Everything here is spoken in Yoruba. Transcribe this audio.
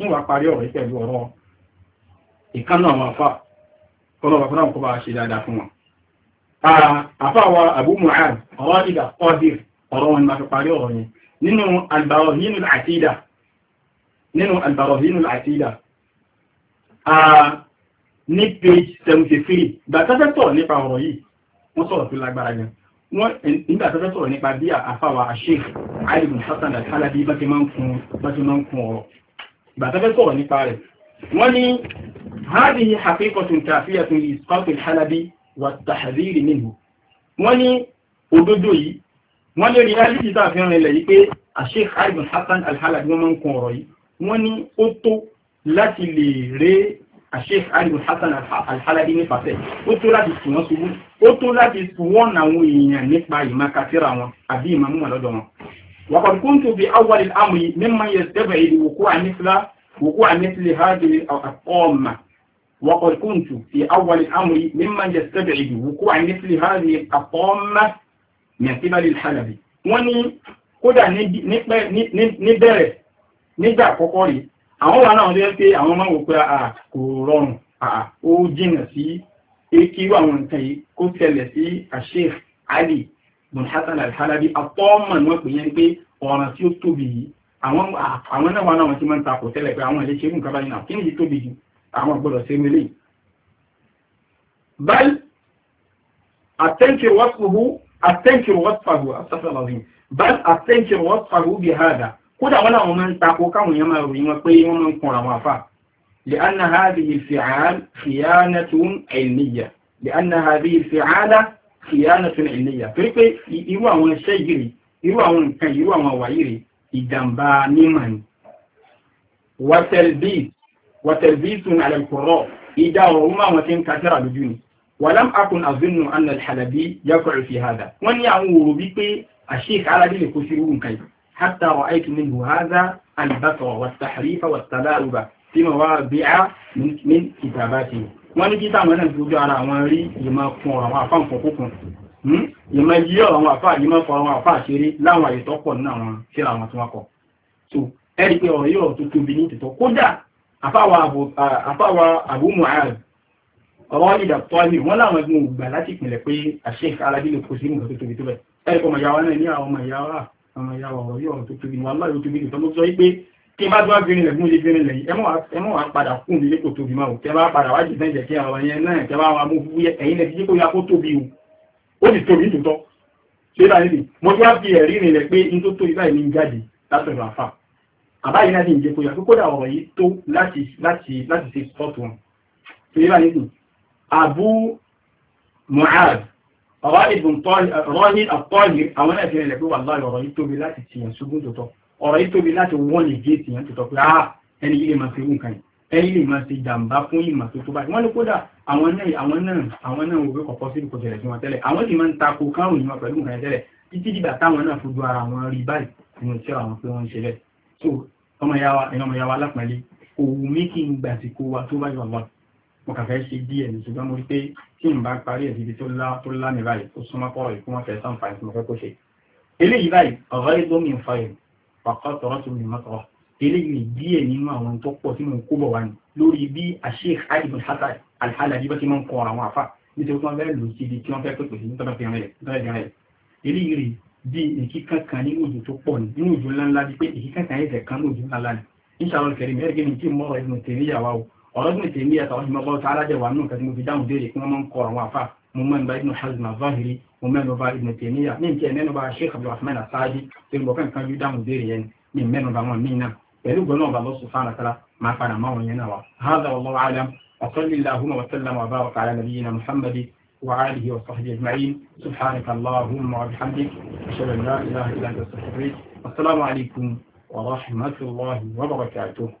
níwà parí ọ̀rọ̀ yìí pẹ̀lú ọ̀rọ̀ ìkánú àwọn afá kọlọ́wà fún àwọn kọba ṣe dáadáa fún wọn. afá wa Abu Mu'ad ọwọ́ ìdà qadir ọ̀rọ̀ wọn máa fi parí ọ̀rọ̀ yẹn nínú al-Barahinul Atida nínú al-Barahinul Atida ní page seventy three gbàtẹ́fẹ́ sọ̀rọ̀ nípa ọ̀rọ̀ yìí wọ́n sọ̀rọ̀ tó lágbára gan wọ́n nígbà tẹ́fẹ́ sọ̀rọ̀ nípa bí àfáwà Sheikh Ali bin Hasan al-Halabi bá ti máa ń kun ọ̀rọ̀ ìgbàtọ́fẹ́ sọ̀rọ̀ nípa rẹ̀ wọ́n ní hádìí haqiqatun kafiyatun isqatul halabi wa tahdhiri minhu wọ́n ní òdodo yìí wọ́n lè rí alìsí tàà fẹ́ràn ilẹ̀ yìí pé Sheikh Ali bin Hassan al-Halabi wọ́n máa ń kún ọ̀rọ̀ yìí wọ́n ní ó tó láti lè ré Sheikh Ali bin Hassan al-Halabi ní fàfẹ́ ó tó láti sùn wọ́n ṣubú ó tó láti wọ́n àwọn èèyàn nípa ìmọ̀ kàtírà wọn àbí ìmọ̀ mú wọn lọ́dọ̀ wọn وقد كنت بأول الأمر ممن يستبعد وقوع مثل وقوع مثل هذه الطامة وقد كنت في أول الأمر ممن يستبعد وقوع مثل هذه الطامة من قبل الحلبي wọ́n ní kódà níbẹ̀rẹ̀ nígbà àkọ́kọ́ rí àwọn wà náà jẹ́ pé àwọn máa wò pé àà kò rọrùn àà ó jìnà sí ekiru àwọn nǹkan yìí kó tẹ̀lẹ̀ sí àṣẹ àlì bùnhásán alhalabi àtọ́mọ̀ ni wọ́n pè yẹn pé ọ̀ràn tí ó tóbi yìí àwọn náà wà náà tí wọ́n ń takò tẹ́lẹ̀ pé àwọn ẹlẹ́ṣẹ́ nǹkan báyìí náà kí ni tóbi jù àwọn gbọ́dọ̀ ṣe wọlé báyìí àtẹ́ǹkìrì wọ́pùhù àtẹ́ǹkìrì wọ́pùhù àtẹ́ǹkìrì báyìí àtẹ́ǹkìrì wọ́pùhù bí hàdà kódà wọn làwọn máa ń takò káwọn èèyàn máa ròyìn wọn pé wọ́n máa ń kọra wọn àfà لأن هذه الفعال خيانة علمية لأن هذه الفعالة ìyánatún ìlẹ́yà torí pé irú àwọn iṣẹ́ yìí rè irú àwọn nǹkan irú àwọn wàyí rè ìjàmbá mímọ̀ ni. wàtẹ̀lbí wàtẹ̀lbí tún àlẹ́kọ̀rọ̀ ìdá ọ̀rọ̀ mú àwọn tí ń kàtàrà lójú ni. wàlám akun azunu anna alhalabi yakọ̀ fi hada. wọ́n ní àwọn òrò bí pé àṣeyìk alábí lè kó sí irú nǹkan yìí. hatta ra'aytu minhu hada albatọ̀ wàtàhrífa wàtàláruba tí mọ̀ wá bí á ní ìtàbá ti wọ́n ní títà mọ́ náà fojú ara wọn rí ìmọ̀ fún àwọn àfá nǹkan hmm? ìmọ̀ yí ọ̀rọ̀ àwọn àfá ìmọ̀ fún àwọn àfá àṣírí láwọn àyè tó pọ̀ nínú àwọn síra wọn tí wọ́n kọ̀ so ẹ̀rí pé ọ̀rọ̀ yóò tó tóbi ní tìtọ́ kódà àfáwa Abu Mu'adh ọ̀rọ̀ ìdà tọ́lì wọ́n láwọn ẹgbẹ́ ògbà láti ìpìnlẹ̀ pé àṣẹ́k alábílò kò sí mọ̀ tó tóbi tó bẹ̀ ẹ̀rí pọ̀ mọ̀ yàwá náà ní àwọn ọmọ ìyàwó ọ̀rọ̀ yóò tó tóbi wọn tí bá tó wá gbé nílẹ̀ fún ilé gbé nílẹ̀ yìí ẹmọ́ wá padà fún ilé kò tóbi máa tẹ bá padà wájú ìfẹ́ ìjẹ̀kẹ́ àwọn yẹn náà tẹ bá wà mú fúfú yẹ ẹ̀yìn lẹ́sí kó yá kó tóbi o ó sì tóbi tòótọ́ ṣé bá nílì mo tí wá fi ẹ̀rí nílẹ̀ pé n tó tóbi báyìí ní jáde látọ̀dọ̀ àfà àbáyé náà sì ń jẹ́ kó yá kó kódà ọ̀rọ̀ yìí tó láti láti láti ṣe sọ́ọ̀tù wọn ṣé bá nílì Abu Mu'ad ọ̀rọ̀ ìbùn rọ́ọ̀hìn àtọ́hìn àwọn náà fi rìnlẹ̀ pé wà láì ọ̀rọ̀ yìí tóbi láti tìyàn ṣubú tòótọ́ ọ̀rọ̀ yìí tóbi láti wọ́n lè gé ètìyàn tó tọ́ pé ah ẹni yìí lè máa ṣe nǹkan yìí ẹni lè máa ṣe jàǹbá fún ìmọ̀ tó tó báyìí wọ́n ní kódà àwọn náà àwọn náà àwọn náà wò pé kọ̀kọ́ sí ìkọ̀ tẹ̀lẹ̀ sí wọn tẹ́lẹ̀ àwọn sì máa ń takò káwọn èèyàn pẹ̀lú nǹkan tẹ́lẹ̀ títí dìgbà táwọn náà fojú ara wọn rí báyìí nínú iṣẹ́ àwọn pé wọ́n ń ṣe lẹ̀ so ọmọ ya wa ẹni ọmọ ya wa lápẹ̀lẹ́ òwú mi kì í gbà sí wa tó bá yọ̀ mo kà ṣe díẹ̀ ní ṣùgbọ́n mo rí pé tí n bá parí ẹ̀ síbi tó lá báyìí ó súnmọ́ pọ̀ ìkú wọn fẹ́ sàǹfààní tí mo kó ṣe eléyìí báyìí ọ̀rọ̀ ìgbómi pàkọ́tọ̀rọ́ tó ní mọ́tọ́ eléyìí díẹ̀ nínú àwọn tó pọ̀ tí mo kó bọ̀ wá ní lórí bí Sheikh Ali bin Hasan Al-Halabi bá ti máa ń kọ́ àwọn àfà nítorí wọ́n fẹ́ lò sí ibi tí wọ́n fẹ́ pèpè sí nítorí fi rẹ̀ rẹ̀ eléyìí rí bí èkí kankan nínú òjò tó pọ̀ ní nínú òjò ńláńlá bí pé èkí kankan ẹ̀jẹ̀ kan ní òjò ńláńlá ní inshallah kẹrin mẹ́rin kí ni kí n mọ́ ọ̀rọ̀ ìgbìmọ̀ tèmi yà wá o ọ̀rọ̀ Ibn Taymiyyah rahimahullahu ta'ala jẹ́ wà nínú nǹkan tí mo fi dáhùn béèrè kí wọ́n máa ń kọ àwọn àfà mo mẹ́nu bá Ibn Hazm az-Zahiri mo mẹ́nu bá Ibn Taymiyyah ní ìkẹ́ mẹ́nu bá Sheikh Abdurrahman as-Sa'di tí mo kàn kan ju dáhùn béèrè yẹn ní mẹ́nu bá wọn míì náà pẹ̀lú gbọ́n náà bá lọ́sùn fáwọn àtàlà máa padà máa wọn yẹn náà wa hadha wallahu a'lam وصلى اللهم وسلم وبارك على نبينا محمد وآله وصحبه أجمعين سبحانك اللهم وبحمدك أشهد أن لا إله إلا أنت أستغفرك والسلام عليكم ورحمة الله وبركاته